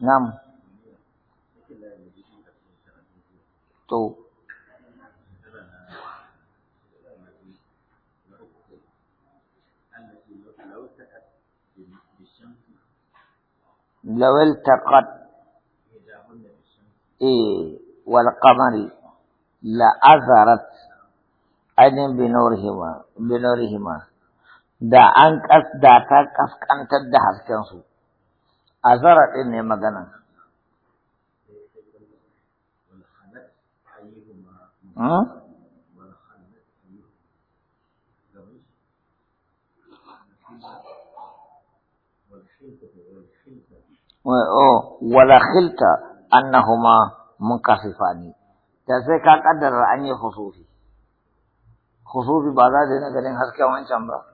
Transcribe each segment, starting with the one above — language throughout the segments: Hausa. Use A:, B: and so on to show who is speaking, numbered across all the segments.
A: نعم تو لو التقت إيه والقمر لأثرت أين بنورهما بنورهما da an kas da ta kaskantar da كنسو azara ɗin ne magana. Hmm? Oh, wala khilta annahuma munkasifani da sai ka kaddara an yi hususi. Hususi ba za ta ganin hasken wancan ba.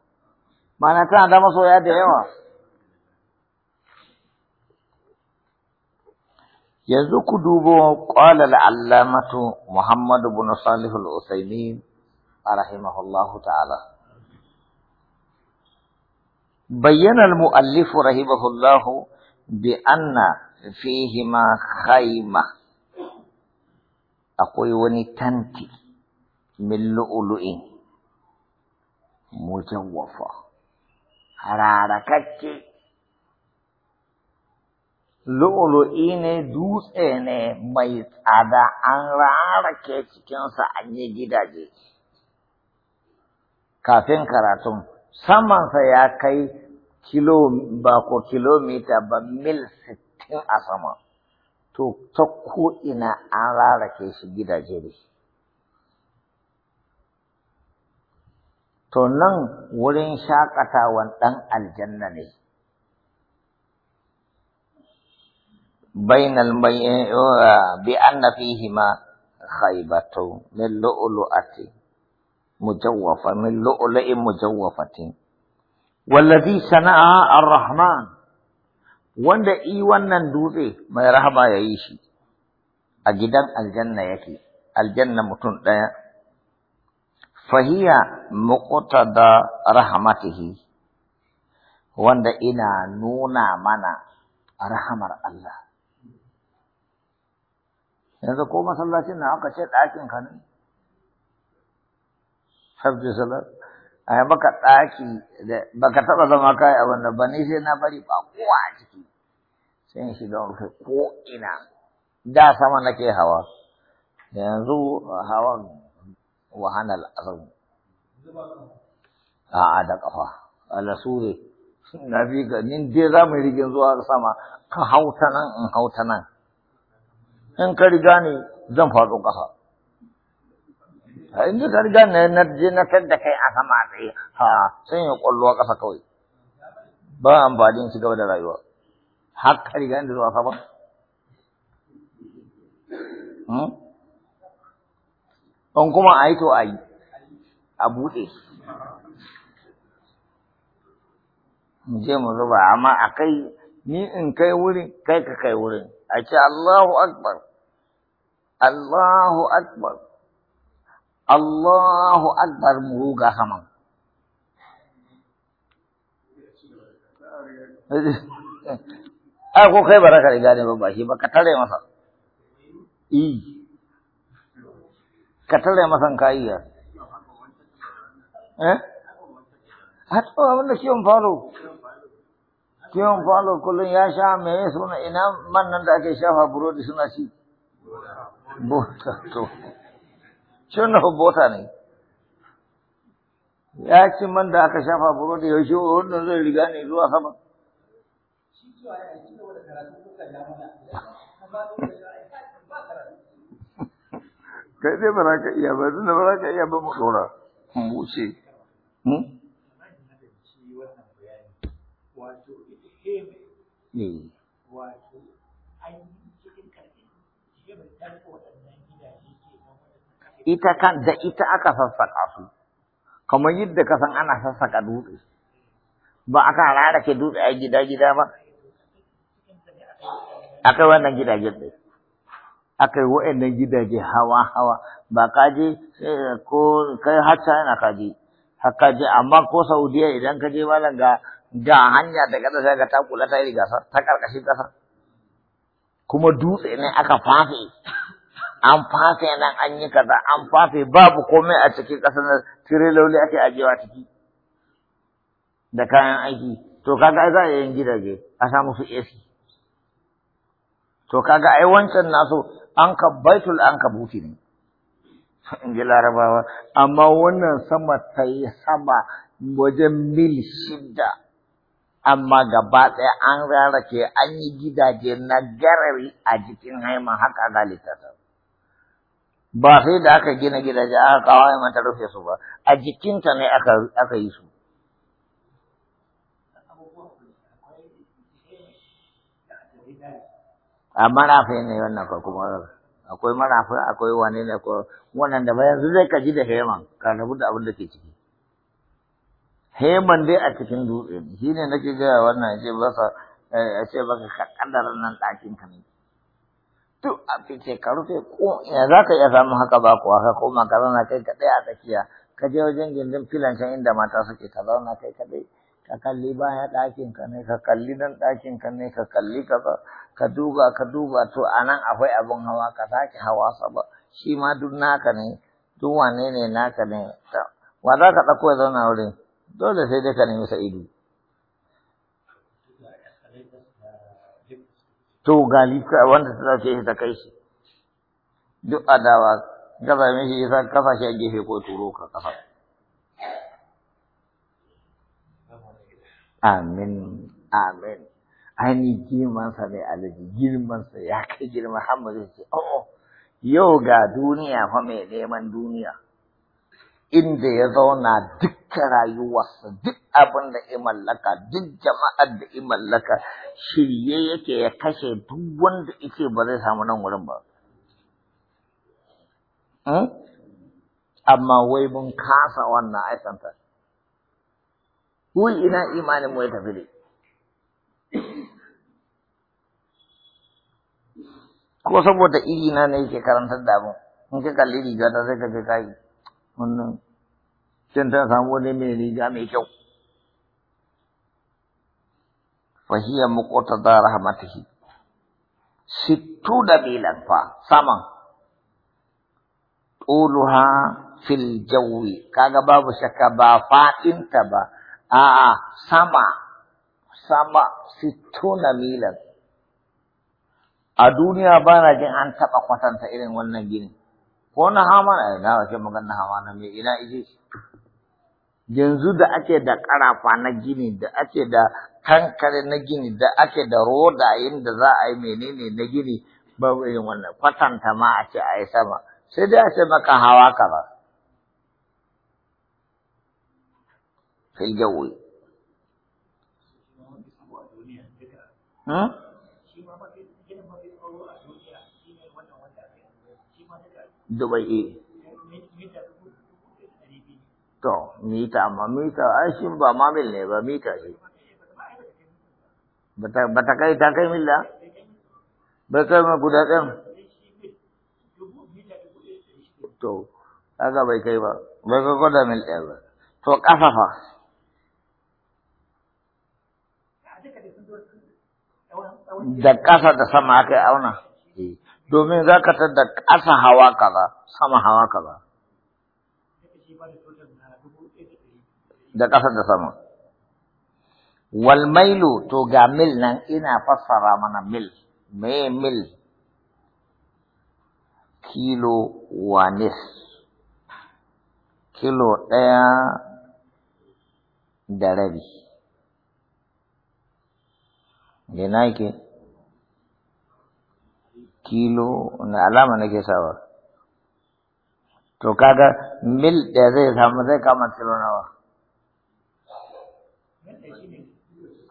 A: Mana tana da masoya da yawa. Yanzu ku dubo ƙwalar allamatu Muhammadu bin Salihu al a rahimahullahu ta'ala. bayyanar muallifu rahimahullahu bi anna fihima khaimah akwai wani tanti min lu'ulu'in mujawwafa rarakakke lu'ulu'i ne dutse ne mai tsada an rarake cikinsa an yi gidaje kafin karatun samansa ya kai kilo ba ko kilomita ba mil sittin a sama to ta ko'ina an rarake shi gidaje da shi to nan wurin shaƙatawan ɗan aljanna ne. Bainal bi anna fihima khaybatu min lu'lu'ati mujawwafa min lu'lu'in mujawwafatin wallazi sana'a ar-rahman wanda i wannan dutse mai rahama yayi shi a gidan aljanna yake aljanna mutum ɗaya fahiya da rahmatihi wanda ina nuna mana rahamar Allah yanzu ko masallacin na aka ce ɗakin ka ne sabbi salat yi baka ɗaki baka taɓa zama kai a wanda ba sai na bari ba kowa a ciki sai shi don rufe ko ina da sama nake hawa yanzu hawan وهنا الأظم a da ƙafa alasure na fi nin dai za mu rigin zuwa sama ka hauta nan in hauta nan in ka riga ne zan faɗo ƙafa in ka riga ne na je na tar da kai a sama a tsaye ha sai ya ƙwallo ƙafa kawai ba amfanin ci gaba da rayuwa har ka riga ne zuwa sama in kuma a yi to a yi a buɗe mu je mu zuba amma a kai ni in kai wurin kai ka kai wurin a ce Allahu Akbar Allahu Akbar Allahu Akbar mu ruga saman ai ko kai baraka da gane ba shi ba ka tare masa i ka tare masan kayiya eh a to abin da kiwon falo kiwon falo kullum ya sha mai suna ina man nan da ake shafa burodi suna ci bota to shin bota ne ya ci man da aka shafa burodi ya shi wannan zai riga ne zuwa sama kai dai ba za ka iya ba tunda ba za ka iya ba mu ɗora mu wuce mu hmm? wato eh. ita kan da ita aka sassaka su kamar yadda ka san ana sassaka dutse ba aka rarake dutse a gida-gida ba akai wannan gida-gida. Akai wa'annan gidaje hawa-hawa ba kaje eh, ko kai hatta ina kaje je amma ko saudiya idan ka je malam ga ga hanya daga da sai ta kula ta riga ta karkashin kasa kuma dutse ne aka fafe an fafe nan an yi kaza an fafe babu komai a cikin kasar nan lauli ake ajewa ciki da kayan aiki to kaga za a yi gidaje a samu musu AC to kaga ai wancan naso. an ka baitul an ka kabuti ne in ji larabawa amma wannan sama ta yi sama wajen mil shida amma gaba ɗaya an rarake an yi gidaje na garari a jikin haima haka galita ta ba sai da aka gina gidaje aka kawo haima rufe su ba a jikinta ne aka yi su a ah, marafa ne wannan ko kuma akwai marafa akwai wani ne ko wannan da bayan zai ka ji da heman ka rabu da abin da ke ciki heman dai a cikin dutse ne shine nake ga wannan ce basa eh, a ce baka ka kaddara nan ɗakin ka ne duk a fice ka rufe ko ya za ka iya samun haka ba kuwa ka koma ka zauna kai kaɗai a tsakiya ka je wajen gindin filan can inda mata suke ka zauna kai kaɗai ka kalli baya ɗakin ka ne ka kalli nan ɗakin ka ne ka kalli ka ka duba ka duba to anan akwai abin hawa ka sake hawa saba shi ma duk naka ne duk wane ne naka ne wa za ka ɗauko ya zauna wurin dole sai dai ka nemi ido. to gali wanda ta dauke shi ta kai shi duk adawa gaba mishi yasa kafa shi a gefe ko turo ka kafa amin amin ainihin girmansa ne alaji girmansa ya kai girma hamma zai ce Oh, yau ga duniya fa mai neman duniya inda ya zauna dukkan rayuwarsa duk abin da ya mallaka duk jama'ar da ya mallaka shirye yake ya kashe duk wanda yake ba zai samu nan wurin ba hmm? amma wai mun kasa wannan aikanta mu ina imanin mu ya tafi ne ko saboda iri na ne yake karantar da in ka kalli riga ta sai ka ga kai wannan can ta samu wani mai riga mai kyau da muqtada rahmatihi sittu da bilan fa saman طولها في kaga babu babu ba ba ba ba. a'a sama sama sittuna milan a duniya ba na jin an taɓa kwatanta irin wannan gini ko na hama na ina wace magana hama na mai ina ije yanzu da ake da ƙarafa na gini da ake da kankare na gini da ake da rodayin da za a yi menene na gini babu irin wannan kwatanta ma a ce a yi sama sai dai a ce maka hawa kamar. في الجو دبي to mita amma mita ai shi ba mamil ne ba mita ce ba ta kai ta kai milla ba kai ma guda ɗan to kaga bai kai ba bai kai kwada mil ɗaya ba to ƙafafa da ƙasa da sama aka yi auna eh. domin za ka da ƙasa hawa kaza sama hawa kaza da ƙasa da sama walmailu to ga mil nan ina fassara mana mil me mil kilo wanis kilo ɗaya da rabi ina kilo na alama nake sawa to kaga mil ɗaya zai samu zai kama kilo nawa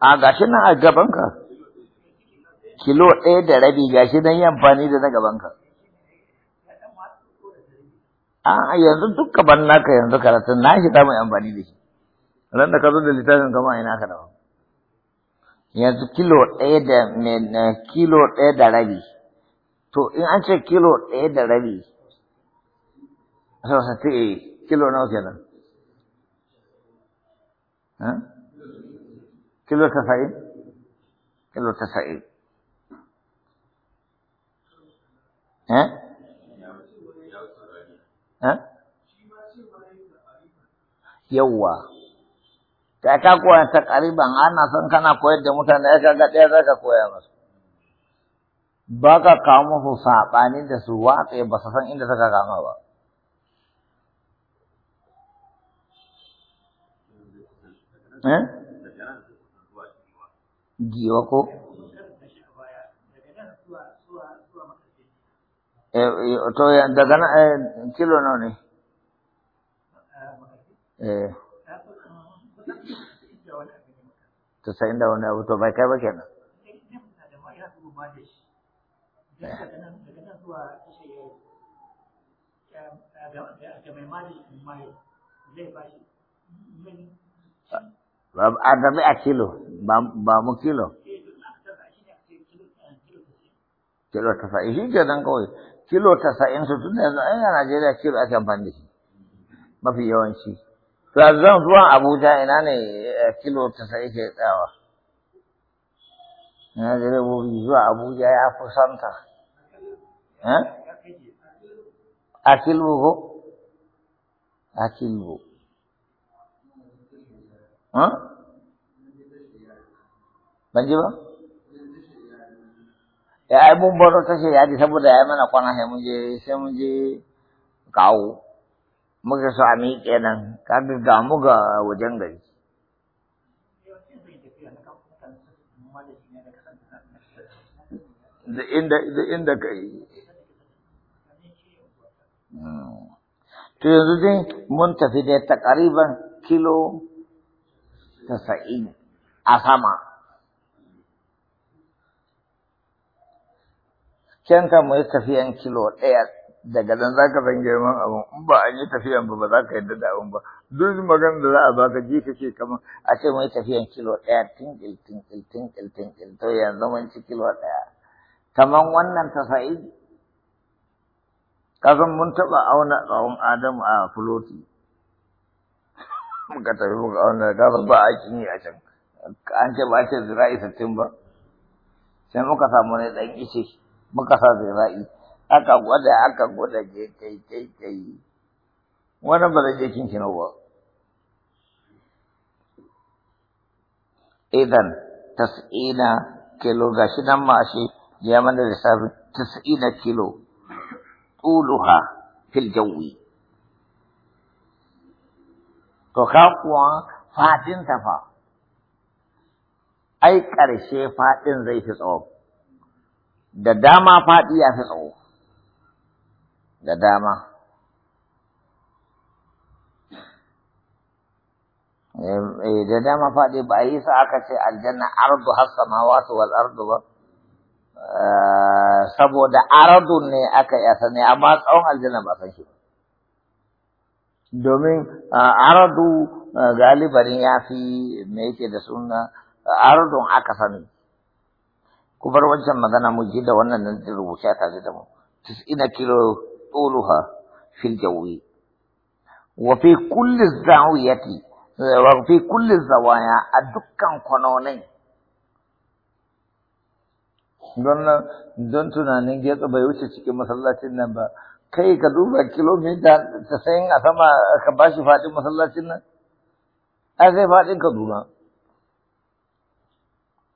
A: a gashi nan a gabanka kilo ɗaya da rabi gashi nan yi amfani da na gabanka a yanzu duka gaban naka yanzu karatun na shi ta mai amfani da shi ran da ka zo da littafin kama ina ka daban yanzu kilo ɗaya da kilo ɗaya da rabi to in an ce kilo ɗaya da rabi sati a kilo nawa kenan kilo tasa'in kilo tasa'in yawwa ta ka koya ta ƙariban ana son kana koyar da mutane ya kaga ɗaya za ka koya masu ba ka kawo musu saɓani da su watsa ba su san inda suka kama ba eh? giwa ko eh, to daga nan eh, kilo nawa ne eh tasa'in da wani abu to bai kai ba kenan a gabi a kilo ba mu kilo eh, eh, kilo tasa'in shi ke nan kawai kilo tasa'in su tun da yanzu a Najeriya kilo ake amfani da shi mafi yawanci Zan zuwa Abuja ina ne eh, kilo tasa'in ke tsayawa. Ina direbobi zuwa Abuja ya fi santa. Eh? A kilbo ko? A kilbo. Ban ji ba? Ya ai mun baro tashi yaji saboda ya mana kwana sai mun je sai mun je kawo. muka so a miƙe nan kaga ga wajen gari da inda da inda ka yi hmm. to yanzu dai mun tafi dai takariban kilo tasa'in a sama can kan mu yi tafiyan kilo ɗaya daga nan za ka san girman abin in ba an yi tafiyan ba ba za ka yadda da abin ba duk magana da za a baka ji ce kamar a ce mai tafiyan kilo ɗaya tinkil tinkil tinkil tinkil to yanzu mun ci kilo ɗaya kamar wannan Ka kasan mun taɓa auna tsawon adam a fuloti muka tafi muka auna kasan ba a yi a can an ce ba a ce zira'i sittin ba sai muka samu ne ɗan ishe muka sa zira'i aka gwada aka gwada je kai kai kai wannan ba zai je kinkino ba idan tas'ina kilo ga shi nan ma shi ya mana lissafi tas'ina kilo tuluha fil jawi to ka kuwa fadin ta fa ai ƙarshe fadin zai fi tsawo da dama fadi ya fi tsawo da dama eh, eh, da dama faɗi ba a yi sa aka ce aljanna ardu har wal ardu ba eh, saboda ardu ne aka yi ne, amma tsawon aljanna ba san shi domin ardu galibarin ya fi me yake da suna ardu aka sani ku bar wancan magana mu ji da wannan rubuce ji da mu ina kilo طولها في الجو وفي كل الزاوية وفي كل الزوايا الدكان قنونين don don tunanin getsa bai wuce cikin masallacin nan ba kai ka duba kilomita tasa'in a sama ka bashi faɗin masallacin nan ai sai faɗin duba.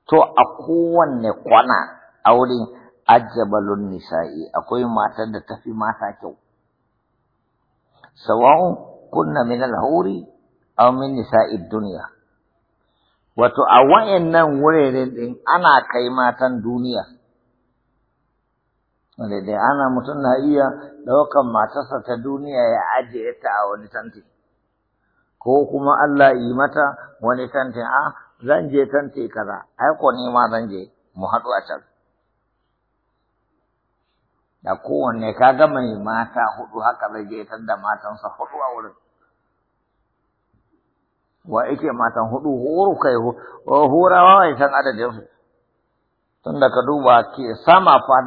A: to a kowanne kwana a wurin ajabalun nisa'i akwai matar da tafi mata kyau sawa'un kunna min al-huri aw min nisa'id dunya wato a wayannan wuraren din ana kai matan duniya wanda dai ana mutum na iya ɗaukan matarsa ta duniya ya ajiye ta a wani tanti ko kuma Allah yi mata wani tantin a ah, zan je tanti kaza ai ko ni ma zan je mu haɗu a can da kowanne ka ga mai mata hudu haka zai je da matansa hudu a wurin wa yake matan hudu horo kai horawa wai san adadin su tunda ka duba ke sama fan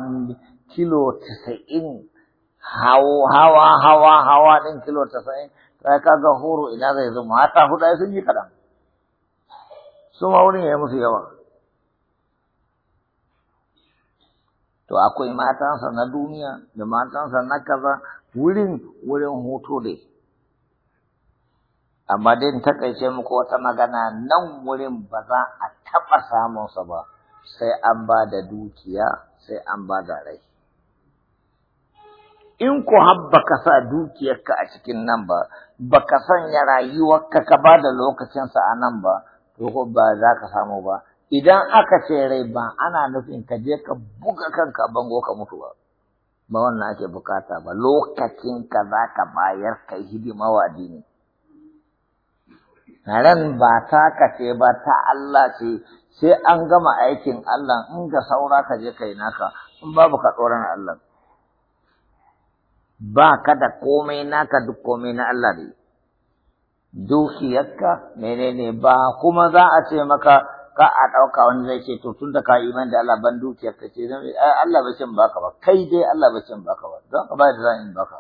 A: kilo 90 hawa hawa hawa hawa din kilo 90 sai kaga horo ina zai zo mata hudu sun yi kadan su ma wurin ya musu yawa to akwai matansa na duniya da matansa na kaza wurin wurin hutu dai amma dai kaice muku wata magana nan wurin ba za a taɓa samunsa ba sai an ba da dukiya sai an ba da rai in ku habba ka sa dukiyarka a cikin nan ba ba ka sanya rayuwarka ka ba da lokacinsa a nan ba to ba za ka samu ba idan aka ce rai ba ana nufin ka je ka buga kanka bango ka mutu ba ba wannan ake bukata ba lokacin ka za ka bayar kai hidima wa addini ran ba ta ka ce ba ta Allah ce sai an gama aikin Allah in ga saura ka je kai naka in babu ka tsoron Allah ba ka da komai naka duk komai na Allah ne dukiyarka menene ba kuma za a ce maka ka a ɗauka wani zai ce to tun da ka iman da Allah ban dukiyar ka ce Allah ba cin baka ba kai dai Allah ba cin baka ba don ka bai da zan in baka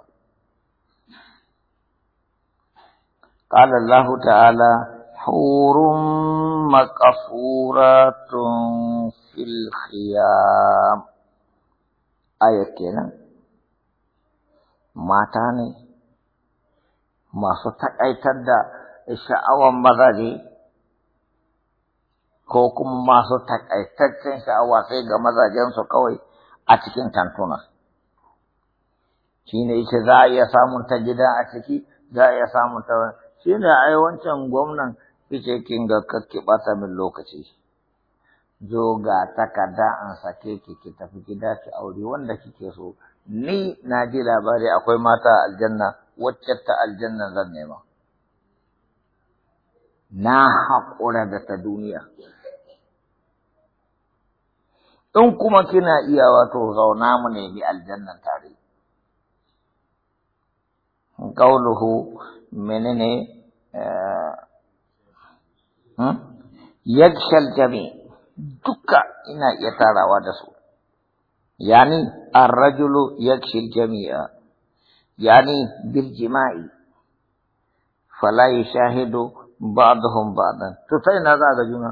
A: قال الله تعالى حور مقصورات في الخيام آية كنا mata ne masu taƙaitar da sha'awan mazaje ko kuma masu takaitaccen sha'awa sai ga mazajensu kawai a cikin tantuna. Shi ne yake za a iya samun ta gida a ciki, za a iya samun ta wani. Shi ai wancan gwamnan yake kin ga kakki bata min lokaci. Zo ga takarda an sake ki ki tafi gida ki aure wanda kike so. Ni na ji labari akwai mata a aljanna wacce ta aljanna zan nema. na haƙura da ta duniya in kuma kina iya wato zauna mu bi aljanna tare Kauluhu menene eh, hmm? yakshal jami duka ina iya tarawa da su yani arrajulu yakshil jami'a yani bil jima'i fala yashahidu ba'dhum ba'dan to sai na za ga juna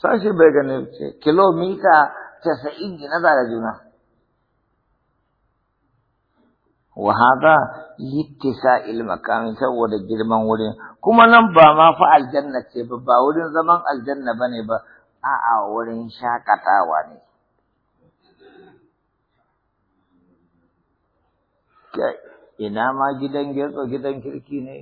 A: sashi bai gani kilomita casa'in na da juna sa ilma المكان saboda girman wurin kuma nan ba ma fa aljanna ce ba ba wurin zaman aljanna ba ne ba a'a wurin shakatawa ne ina ma gidan getso gidan kirki ne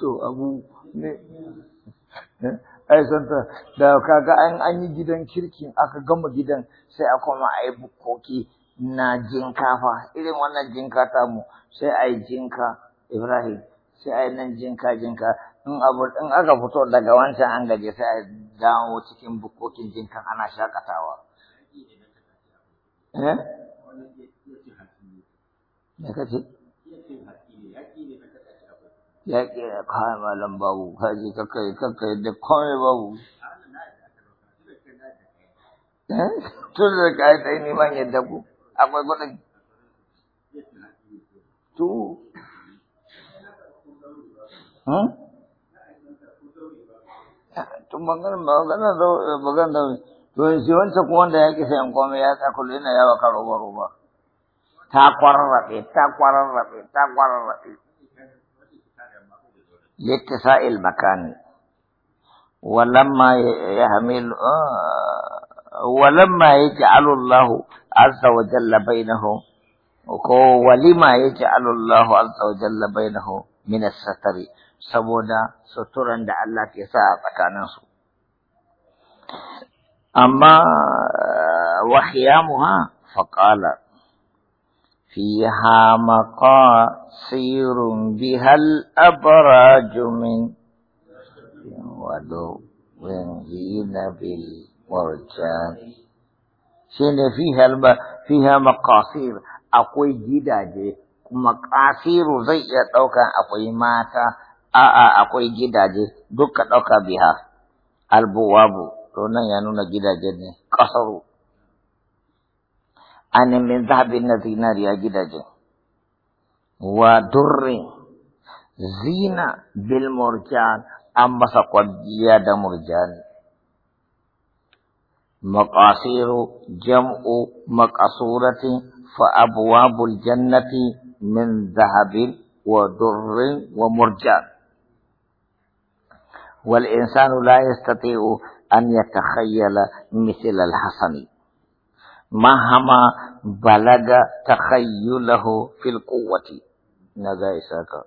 A: to abu ne ai santa da kaga an an yi gidan kirkin aka gama gidan sai a koma a yi bukkoki na jinkafa irin wannan jinka ta mu sai a yi jinka Ibrahim sai a yi nan jinka jinka in abu in aka fito daga wancan an gaje sai a dawo cikin bukokin jinkan ana shakatawa. Eh? Me kace? ya kera kawai malam babu kaji kakai kakai da kawai babu eh? tun da kayi tsaye neman yadda ku akwai kuɗin to hmm? tun maganar maganar da maganar da to shi wancan kuma wanda ya kisa yan komai ya tsaka yana yawa karo baro ba ta kwararrabe ta kwararrabe ta kwararrabe لاتساء المكان ولما يحمل آه، ولما يجعل الله عز وجل بينه ولما يجعل الله عز وجل بينه من الستر سبونا سترا دا الله كساء ساعة أما آه، وخيامها فقال فيها مقاصير بها الأبراج من ودو ينهين بالمرجان شين فيها الب... فيها مقاصير أقوي جدا جي مقاصير زي أوكا أقوي ماتا a'a أقوي جدا جي ɗauka biha بها البواب تونا ya جدا gidaje ne ainihin zahabin na zinariya gidaje wa durri zina bil murjan an masa kwajiya da murjani maqasiru jam'u maqasuratin fa abwabul jannati min zahabin wa durrin wa murjan wal insanu la yastati'u an yatakhayyala misal al-hasani مهما بلغ تخیله فی القوة نگا ایسا کا